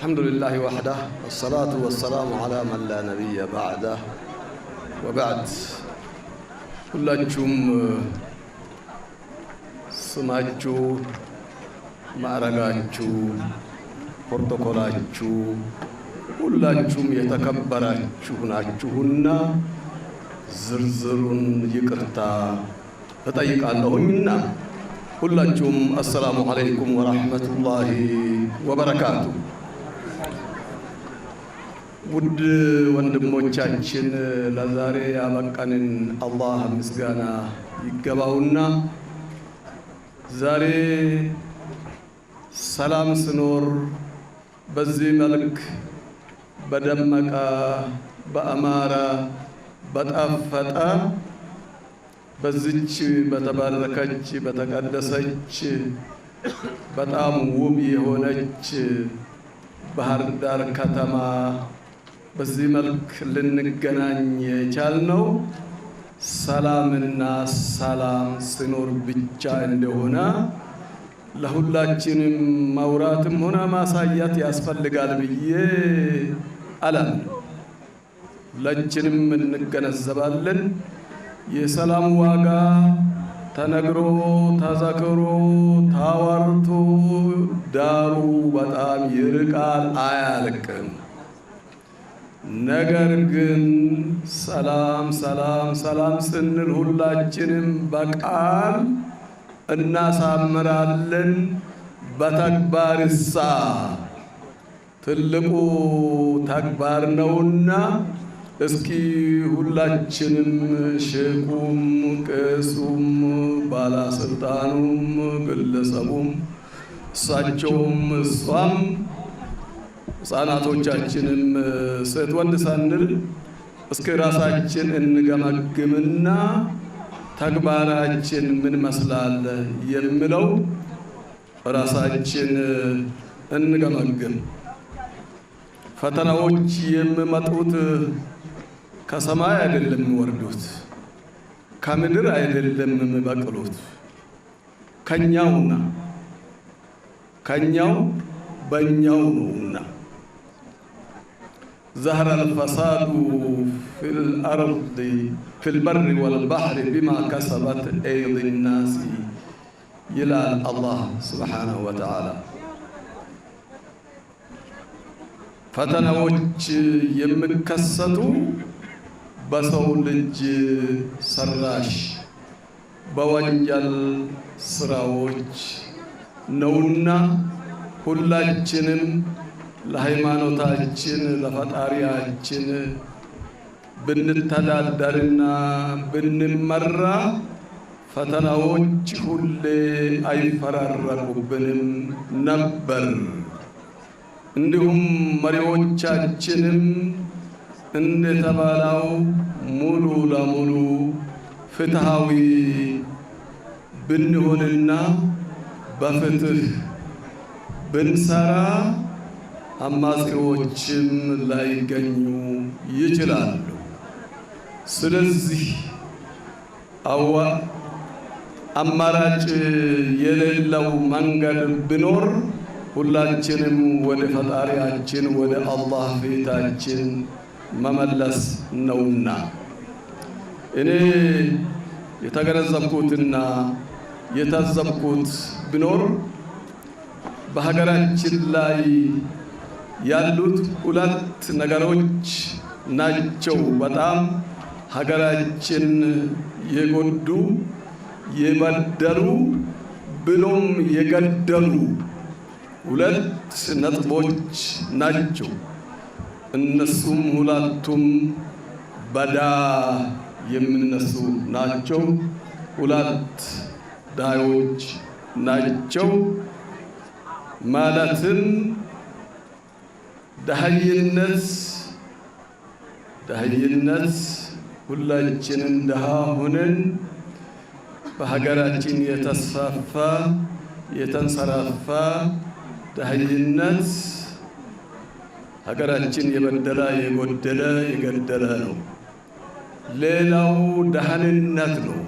الحمد لله وحده والصلاة والسلام على من لا نبي بعده وبعد ሁላችሁም ስማችሁ ማዕረጋችሁ ፕሮቶኮላችሁ ሁላችሁም የተከበራችሁ ናችሁና ዝርዝሩን ይቅርታ እጠይቃለሁኝና ሁላችሁም አሰላሙ አለይኩም ወራህመቱላሂ ወበረካቱ። ውድ ወንድሞቻችን ለዛሬ ያበቃንን አላህ ምስጋና ይገባውና ዛሬ ሰላም ስኖር በዚህ መልክ በደመቀ በአማረ በጣፈጠ በዚች በተባረከች በተቀደሰች በጣም ውብ የሆነች ባህር ዳር ከተማ በዚህ መልክ ልንገናኝ የቻልነው ሰላምና ሰላም ሲኖር ብቻ እንደሆነ ለሁላችንም መውራትም ሆነ ማሳያት ያስፈልጋል ብዬ አላል። ሁላችንም እንገነዘባለን። የሰላም ዋጋ ተነግሮ ተዘክሮ ታዋርቶ ዳሩ በጣም ይርቃል፣ አያልቅም። ነገር ግን ሰላም ሰላም ሰላም ስንል ሁላችንም በቃል እናሳምራለን፣ በተግባርሳ ትልቁ ተግባር ነውና እስኪ ሁላችንም ሼኩም፣ ቄሱም፣ ባለስልጣኑም፣ ግለሰቡም እሳቸውም እሷም ህፃናቶቻችንም ሴት ወንድ ሳንል እስከ ራሳችን እንገመግምና ተግባራችን ምን መስላል የሚለው ራሳችን እንገመግም። ፈተናዎች የሚመጡት ከሰማይ አይደለም የሚወርዱት፣ ከምድር አይደለም የሚበቅሉት፣ ከኛውና ከኛው በእኛው ነውና ظهر الفساد في الأرض في البر والبحر بما كسبت أيدي الناس إلى الله سبحانه وتعالى ፈተናዎች የሚከሰቱ በሰው ልጅ ሰራሽ በወንጀል ስራዎች ነውና ሁላችንም ለሃይማኖታችን ለፈጣሪያችን ብንተዳደርና ብንመራ ፈተናዎች ሁሌ አይፈራረቁብንም ነበር። እንዲሁም መሪዎቻችንም እንደተባለው ሙሉ ለሙሉ ፍትሃዊ ብንሆንና በፍትህ ብንሰራ አማጺዎችም ላይገኙ ይችላሉ። ስለዚህ አዋ አማራጭ የሌለው መንገድ ቢኖር ሁላችንም ወደ ፈጣሪያችን ወደ አላህ ፊታችን መመለስ ነውና እኔ የተገነዘብኩትና የታዘብኩት ቢኖር በሀገራችን ላይ ያሉት ሁለት ነገሮች ናቸው በጣም ሀገራችን የጎዱ የበደሉ ብሎም የገደሉ ሁለት ነጥቦች ናቸው። እነሱም ሁለቱም በዳ የሚነሱ ናቸው። ሁለት ዳዮች ናቸው ማለትም ዳህይነት ደህይነት ሁላችንም ድሃ ሆነን በሀገራችን የተስፋፋ የተንሰራፋ ደህይነት ሀገራችን የበደላ የጎደለ የገደለ ነው። ሌላው ደህንነት ነው።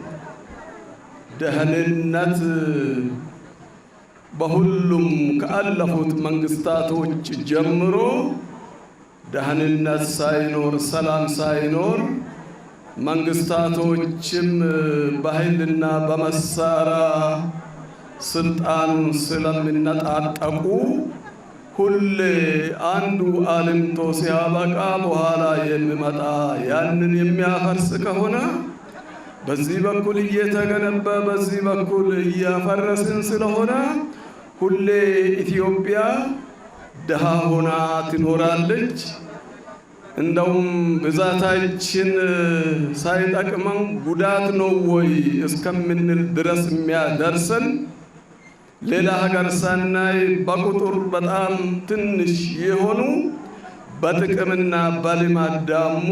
ደህንነት በሁሉም ከአለፉት መንግስታቶች ጀምሮ ደህንነት ሳይኖር ሰላም ሳይኖር መንግስታቶችም በኃይልና በመሳሪያ ስልጣን ስለሚነጣጠቁ ሁሌ አንዱ አልምቶ ሲያበቃ በኋላ የሚመጣ ያንን የሚያፈርስ ከሆነ በዚህ በኩል እየተገነባ በዚህ በኩል እያፈረስን ስለሆነ ሁሌ ኢትዮጵያ ድሃ ሆና ትኖራለች። እንደውም ብዛታችን ሳይጠቅመን ጉዳት ነው ወይ እስከምንል ድረስ የሚያደርሰን ሌላ ሀገር ሳናይ በቁጥር በጣም ትንሽ የሆኑ በጥቅምና በልማት ደግሞ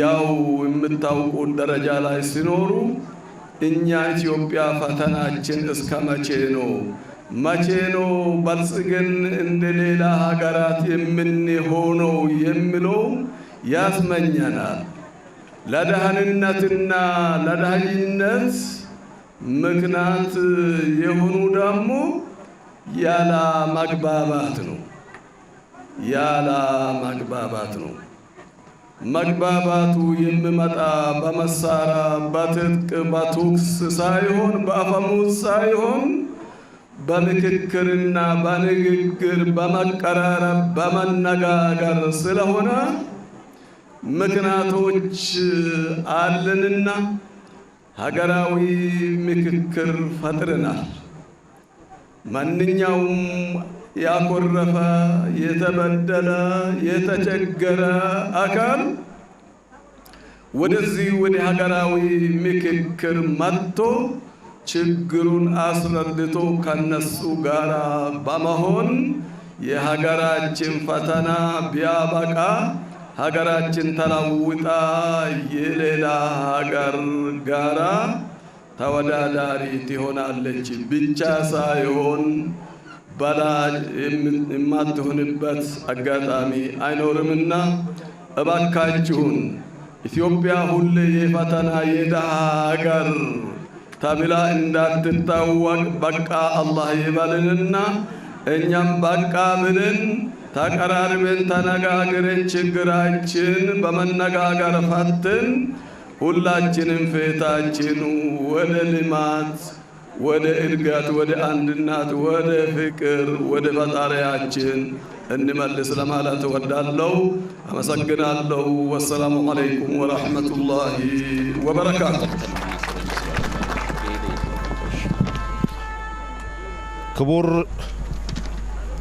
ያው የምታውቁት ደረጃ ላይ ሲኖሩ እኛ ኢትዮጵያ ፈተናችን እስከ መቼ ነው? መቼ ነው በልጽገን እንደ ሌላ ሀገራት የምንሆነው የሚለው ያስመኘናል። ለደህንነትና ለደህንነት ምክንያት የሆኑ ደግሞ ያለ መግባባት ነው። ያለ መግባባት ነው። መግባባቱ የሚመጣ በመሳራ በትጥቅ በቱክስ ሳይሆን በአፈሙዝ ሳይሆን በምክክርና በንግግር በመቀራረብ በመነጋገር ስለሆነ ምክንያቶች አለንና ሀገራዊ ምክክር ፈጥረናል። ማንኛውም ያኮረፈ፣ የተበደለ፣ የተቸገረ አካል ወደዚህ ወደ ሀገራዊ ምክክር መጥቶ ችግሩን አስረድቶ ከነሱ ጋር በመሆን የሀገራችን ፈተና ቢያበቃ ሀገራችን ተለውጣ የሌላ ሀገር ጋራ ተወዳዳሪ ትሆናለች ብቻ ሳይሆን በላጭ የማትሆንበት አጋጣሚ አይኖርምና እባካችሁን ኢትዮጵያ ሁሌ የፈተና የድሃ ሀገር ተብላ እንዳትታወቅ በቃ አላህ ይበልንና እኛም በቃ ብልን ተቀራርበን ተነጋግረን ችግራችን በመነጋገር ፈትን። ሁላችንም ፊታችን ወደ ልማት ወደ እድገት፣ ወደ አንድነት፣ ወደ ፍቅር፣ ወደ ፈጣሪያችን እንመልስ ለማለት እወዳለሁ። አመሰግናለሁ። ወሰላሙ አለይኩም ወረሕመቱላሂ ወበረካቱ። ክቡር